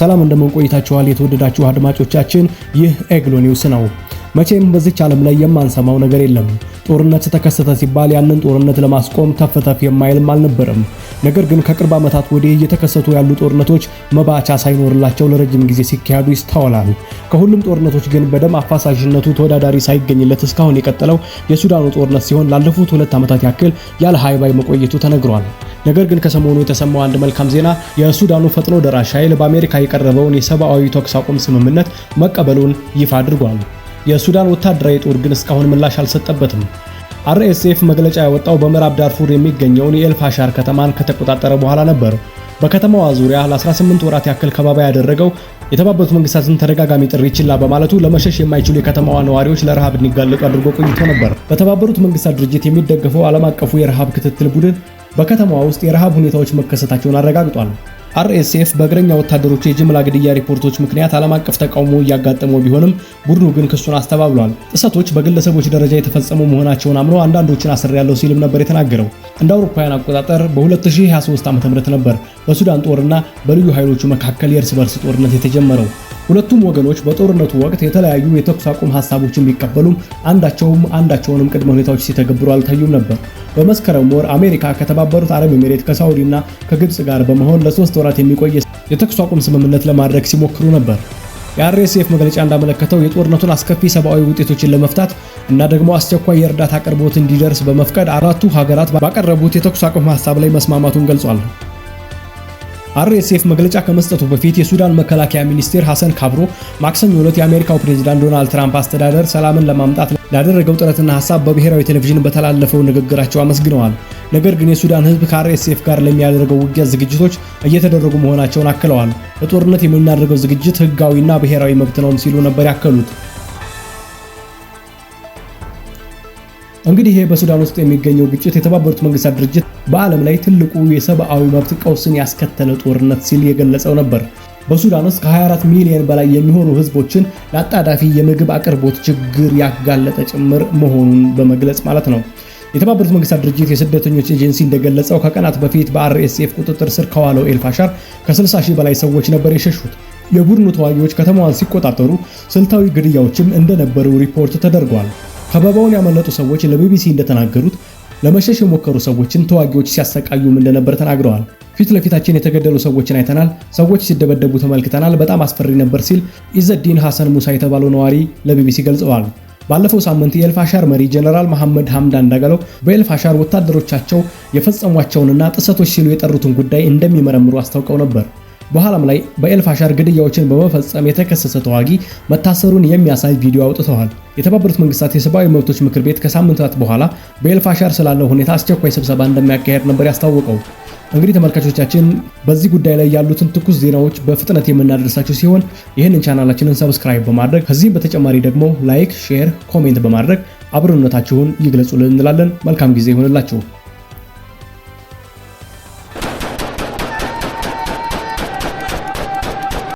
ሰላም እንደምን ቆይታችኋል? የተወደዳችሁ አድማጮቻችን፣ ይህ ኤግሎ ኒውስ ነው። መቼም በዚች ዓለም ላይ የማንሰማው ነገር የለም። ጦርነት ተከሰተ ሲባል ያንን ጦርነት ለማስቆም ተፍተፍ የማይልም አልነበረም። ነገር ግን ከቅርብ ዓመታት ወዲህ እየተከሰቱ ያሉ ጦርነቶች መባቻ ሳይኖርላቸው ለረጅም ጊዜ ሲካሄዱ ይስተዋላል። ከሁሉም ጦርነቶች ግን በደም አፋሳሽነቱ ተወዳዳሪ ሳይገኝለት እስካሁን የቀጠለው የሱዳኑ ጦርነት ሲሆን ላለፉት ሁለት ዓመታት ያክል ያለ ሃይባይ መቆየቱ ተነግሯል። ነገር ግን ከሰሞኑ የተሰማው አንድ መልካም ዜና የሱዳኑ ፈጥኖ ደራሽ ኃይል በአሜሪካ የቀረበውን የሰብአዊ ተኩስ አቁም ስምምነት መቀበሉን ይፋ አድርጓል። የሱዳን ወታደራዊ ጦር ግን እስካሁን ምላሽ አልሰጠበትም። አርኤስኤፍ መግለጫ ያወጣው በምዕራብ ዳርፉር የሚገኘውን የኤልፋሻር ከተማን ከተቆጣጠረ በኋላ ነበር። በከተማዋ ዙሪያ ለ18 ወራት ያክል ከባባ ያደረገው የተባበሩት መንግስታትን ተደጋጋሚ ጥሪ ችላ በማለቱ ለመሸሽ የማይችሉ የከተማዋ ነዋሪዎች ለረሃብ እንዲጋለጡ አድርጎ ቆይቶ ነበር። በተባበሩት መንግስታት ድርጅት የሚደገፈው ዓለም አቀፉ የረሃብ ክትትል ቡድን በከተማዋ ውስጥ የረሃብ ሁኔታዎች መከሰታቸውን አረጋግጧል። አርኤስኤፍ በእግረኛ ወታደሮች የጅምላ ግድያ ሪፖርቶች ምክንያት ዓለም አቀፍ ተቃውሞ እያጋጠመው ቢሆንም ቡድኑ ግን ክሱን አስተባብሏል። ጥሰቶች በግለሰቦች ደረጃ የተፈጸሙ መሆናቸውን አምኖ አንዳንዶችን አስሬያለሁ ሲልም ነበር የተናገረው። እንደ አውሮፓውያን አቆጣጠር በ2023 ዓ.ም ነበር በሱዳን ጦርና በልዩ ኃይሎቹ መካከል የእርስ በርስ ጦርነት የተጀመረው። ሁለቱም ወገኖች በጦርነቱ ወቅት የተለያዩ የተኩስ አቁም ሀሳቦችን ቢቀበሉም አንዳቸውም አንዳቸውንም ቅድመ ሁኔታዎች ሲተገብሩ አልታዩም ነበር። በመስከረም ወር አሜሪካ ከተባበሩት አረብ ኤሜሬት ከሳውዲና ከግብፅ ጋር በመሆን ለሶስት ወራት የሚቆይ የተኩስ አቁም ስምምነት ለማድረግ ሲሞክሩ ነበር። የአርኤስኤፍ መግለጫ እንዳመለከተው የጦርነቱን አስከፊ ሰብአዊ ውጤቶችን ለመፍታት እና ደግሞ አስቸኳይ የእርዳታ አቅርቦት እንዲደርስ በመፍቀድ አራቱ ሀገራት ባቀረቡት የተኩስ አቁም ሀሳብ ላይ መስማማቱን ገልጿል። አርኤስኤፍ መግለጫ ከመስጠቱ በፊት የሱዳን መከላከያ ሚኒስቴር ሐሰን ካብሮ ማክሰኞ ዕለት የአሜሪካው ፕሬዚዳንት ዶናልድ ትራምፕ አስተዳደር ሰላምን ለማምጣት ላደረገው ጥረትና ሀሳብ በብሔራዊ ቴሌቪዥን በተላለፈው ንግግራቸው አመስግነዋል። ነገር ግን የሱዳን ሕዝብ ከአርኤስኤፍ ጋር ለሚያደርገው ውጊያ ዝግጅቶች እየተደረጉ መሆናቸውን አክለዋል። ለጦርነት የምናደርገው ዝግጅት ሕጋዊና ብሔራዊ መብት ነውም ሲሉ ነበር ያከሉት። እንግዲህ ይሄ በሱዳን ውስጥ የሚገኘው ግጭት የተባበሩት መንግስታት ድርጅት በዓለም ላይ ትልቁ የሰብአዊ መብት ቀውስን ያስከተለ ጦርነት ሲል የገለጸው ነበር። በሱዳን ውስጥ ከ24 ሚሊዮን በላይ የሚሆኑ ህዝቦችን ለአጣዳፊ የምግብ አቅርቦት ችግር ያጋለጠ ጭምር መሆኑን በመግለጽ ማለት ነው። የተባበሩት መንግስታት ድርጅት የስደተኞች ኤጀንሲ እንደገለጸው ከቀናት በፊት በአርኤስኤፍ ቁጥጥር ስር ከዋለው ኤልፋሻር ከ60 ሺህ በላይ ሰዎች ነበር የሸሹት። የቡድኑ ተዋጊዎች ከተማዋን ሲቆጣጠሩ ስልታዊ ግድያዎችም እንደነበሩ ሪፖርት ተደርጓል። ከበባውን ያመለጡ ሰዎች ለቢቢሲ እንደተናገሩት ለመሸሽ የሞከሩ ሰዎችን ተዋጊዎች ሲያሰቃዩም እንደነበር ተናግረዋል። ፊት ለፊታችን የተገደሉ ሰዎችን አይተናል፣ ሰዎች ሲደበደቡ ተመልክተናል፣ በጣም አስፈሪ ነበር ሲል ኢዘዲን ሐሰን ሙሳ የተባለው ነዋሪ ለቢቢሲ ገልጸዋል። ባለፈው ሳምንት የኤልፋሻር መሪ ጀነራል መሐመድ ሐምዳን ዳጋሎ በኤልፋሻር ወታደሮቻቸው የፈጸሟቸውንና ጥሰቶች ሲሉ የጠሩትን ጉዳይ እንደሚመረምሩ አስታውቀው ነበር። በኋላም ላይ በኤልፋሻር ግድያዎችን በመፈጸም የተከሰሰ ተዋጊ መታሰሩን የሚያሳይ ቪዲዮ አውጥተዋል። የተባበሩት መንግስታት የሰብአዊ መብቶች ምክር ቤት ከሳምንታት በኋላ በኤልፋሻር ስላለው ሁኔታ አስቸኳይ ስብሰባ እንደሚያካሄድ ነበር ያስታወቀው። እንግዲህ ተመልካቾቻችን በዚህ ጉዳይ ላይ ያሉትን ትኩስ ዜናዎች በፍጥነት የምናደርሳችሁ ሲሆን ይህንን ቻናላችንን ሰብስክራይብ በማድረግ ከዚህም በተጨማሪ ደግሞ ላይክ፣ ሼር፣ ኮሜንት በማድረግ አብሮነታችሁን ይግለጹልን እንላለን። መልካም ጊዜ ይሆንላችሁ።